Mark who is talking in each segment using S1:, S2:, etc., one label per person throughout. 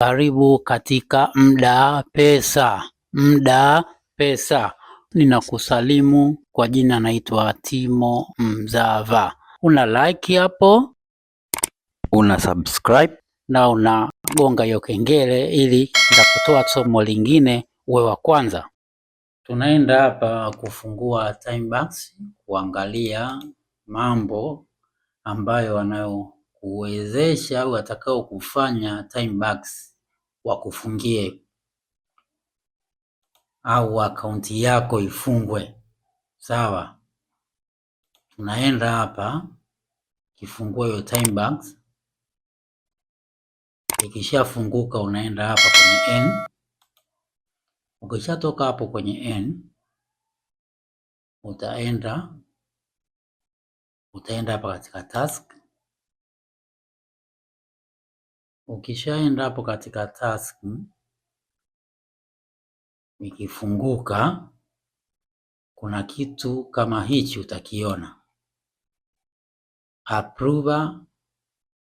S1: Karibu katika mda pesa, mda pesa. Ninakusalimu kwa jina naitwa Timo Mzava. Una like hapo,
S2: una subscribe
S1: na una gonga hiyo kengele, ili nitakutoa somo lingine uwe wa kwanza. Tunaenda hapa kufungua time banks, kuangalia mambo ambayo wanayo kuwezesha au atakao kufanya time bucks wakufungie au akaunti yako ifungwe. Sawa, tunaenda hapa kifungua hiyo time bucks. Ikishafunguka unaenda hapa kwenye n. Ukishatoka hapo kwenye n utaenda utaenda hapa katika task Ukishaenda hapo katika task ikifunguka, kuna kitu kama hichi utakiona approval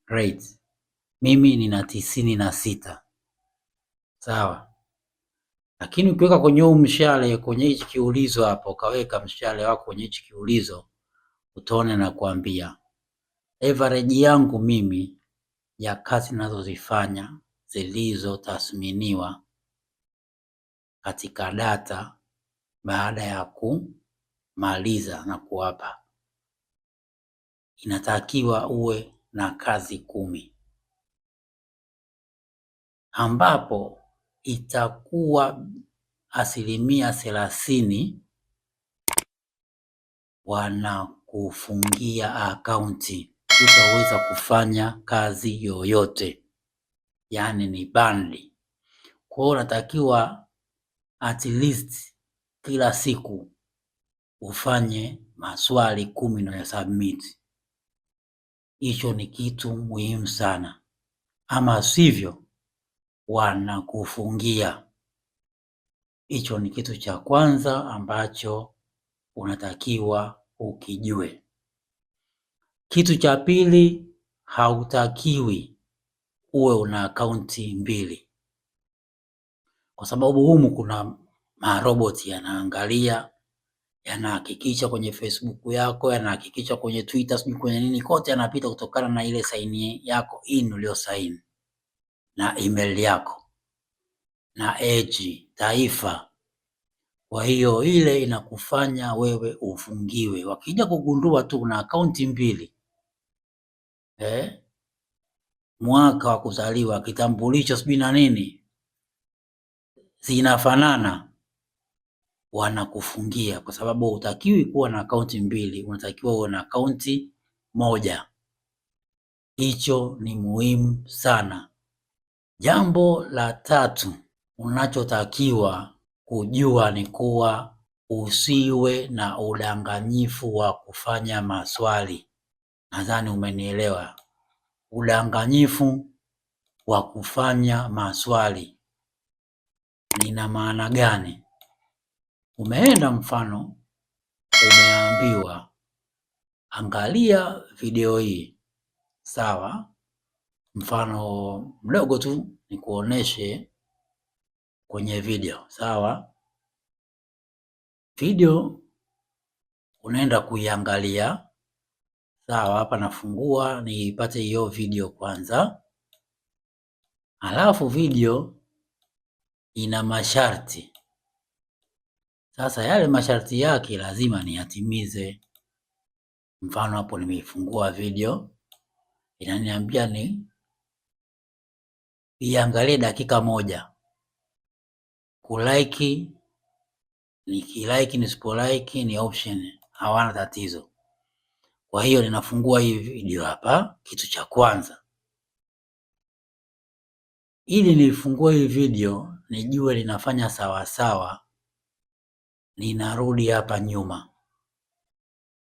S1: rate, mimi nina tisini na sita sawa. Lakini ukiweka kwenye huu mshale kwenye hichi kiulizo hapo, ukaweka mshale wako kwenye hichi kiulizo, utaona na kuambia average yangu mimi ya kazi ninazozifanya zilizotathminiwa katika data baada ya kumaliza na kuwapa. Inatakiwa uwe na kazi kumi ambapo itakuwa asilimia thelathini wanakufungia akaunti hutaweza kufanya kazi yoyote, yaani ni bandi. Kwa hiyo unatakiwa at least kila siku ufanye maswali kumi na submit. Hicho ni kitu muhimu sana, ama sivyo wanakufungia. Hicho ni kitu cha kwanza ambacho unatakiwa ukijue. Kitu cha pili, hautakiwi uwe una akaunti mbili, kwa sababu humu kuna maroboti yanaangalia, yanahakikisha kwenye Facebook yako, yanahakikisha kwenye Twitter, sijui kwenye nini, kote yanapita kutokana na ile saini yako in ulio saini na email yako na age, taifa. Kwa hiyo ile inakufanya wewe ufungiwe, wakija kugundua tu una akaunti mbili eh, mwaka wa kuzaliwa, kitambulisho, sijui na nini, zinafanana, wanakufungia kwa sababu hutakiwi kuwa na akaunti mbili, unatakiwa uwe na akaunti moja. Hicho ni muhimu sana. Jambo la tatu unachotakiwa kujua ni kuwa usiwe na udanganyifu wa kufanya maswali. Nadhani umenielewa. Udanganyifu wa kufanya maswali nina maana gani? Umeenda mfano, umeambiwa angalia video hii, sawa? Mfano mdogo tu nikuoneshe kwenye video, sawa? Video unaenda kuiangalia Sawa, hapa nafungua niipate hiyo video kwanza, halafu video ina masharti. Sasa yale masharti yake lazima niyatimize. Mfano hapo nimeifungua video inaniambia ni iangalie dakika moja, kulike. Nikilike nisipolike ni option, hawana tatizo. Kwa hiyo ninafungua hii video hapa, kitu cha kwanza ili nifungue hii video nijue linafanya sawa sawa, ninarudi hapa nyuma.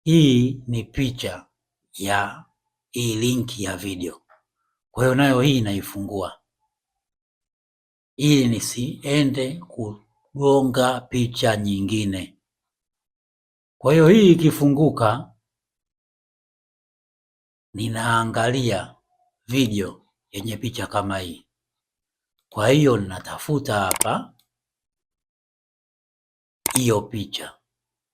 S1: Hii ni picha ya hii linki ya video, kwa hiyo nayo hii naifungua ili nisiende kugonga picha nyingine. Kwa hiyo hii ikifunguka ninaangalia video yenye picha kama hii. Kwa hiyo ninatafuta hapa hiyo picha,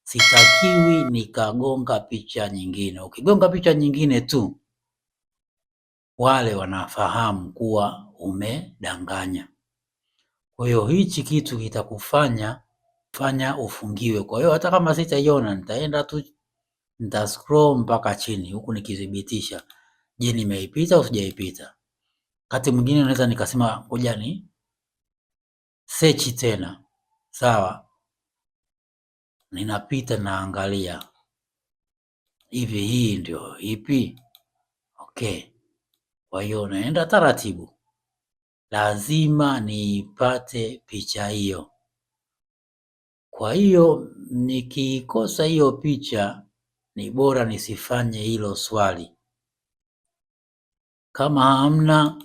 S1: sitakiwi nikagonga picha nyingine. Ukigonga picha nyingine tu, wale wanafahamu kuwa umedanganya. Kwa hiyo hichi kitu kitakufanya fanya ufungiwe. Kwa hiyo hata kama sitaiona, nitaenda tu nita scroll mpaka chini huku nikithibitisha, je, nimeipita au sijaipita? Wakati mwingine naweza nikasema ngoja ni search tena, sawa, ninapita naangalia hivi, hii ndio ipi? Okay, kwa hiyo naenda taratibu, lazima niipate picha hiyo. Kwa hiyo nikiikosa hiyo picha ni bora nisifanye hilo swali. Kama hamna,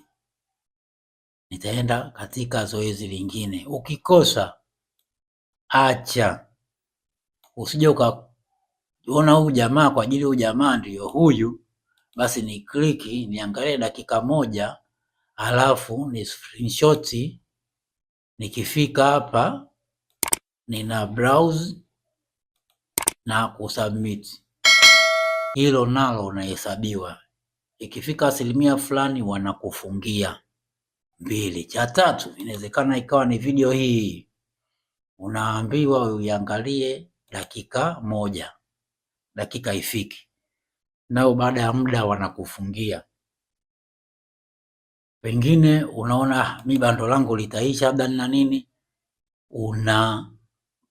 S1: nitaenda katika zoezi lingine. Ukikosa acha, usije ukaona huu jamaa kwa ajili huu jamaa ndiyo huyu, basi ni kliki niangalie dakika moja, alafu ni screenshot. Nikifika hapa nina browse na kusubmit hilo nalo unahesabiwa. Ikifika asilimia fulani wanakufungia mbili. Cha tatu, inawezekana ikawa ni video hii, unaambiwa uiangalie dakika moja, dakika ifiki, nao baada ya muda wanakufungia. Pengine unaona mi bando langu litaisha, labda nina nini, una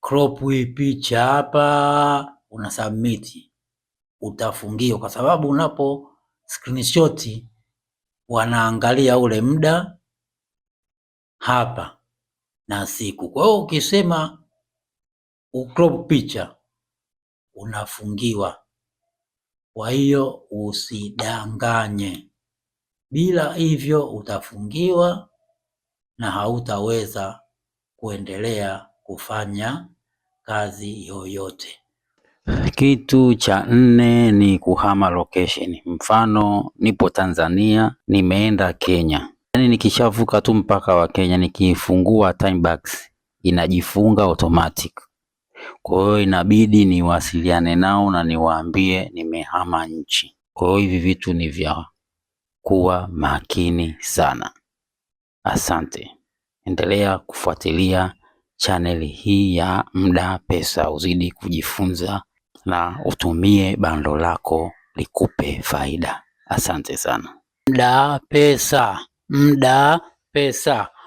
S1: crop hii picha hapa, una submiti utafungiwa, kwa sababu unapo screenshot wanaangalia ule muda hapa na siku. Kwa hiyo ukisema ucrop picha unafungiwa. Kwa hiyo usidanganye, bila hivyo utafungiwa na hautaweza kuendelea kufanya kazi yoyote.
S2: Kitu cha nne ni kuhama location, mfano nipo Tanzania nimeenda Kenya, yaani nikishavuka tu mpaka wa Kenya nikifungua time box inajifunga automatic. Kwa hiyo inabidi niwasiliane nao na niwaambie nimehama nchi. Kwa hiyo hivi vitu ni vya kuwa makini sana. Asante, endelea kufuatilia chaneli hii ya Mda Pesa uzidi kujifunza na utumie bando lako likupe faida. Asante sana.
S1: Mda Pesa, Mda Pesa.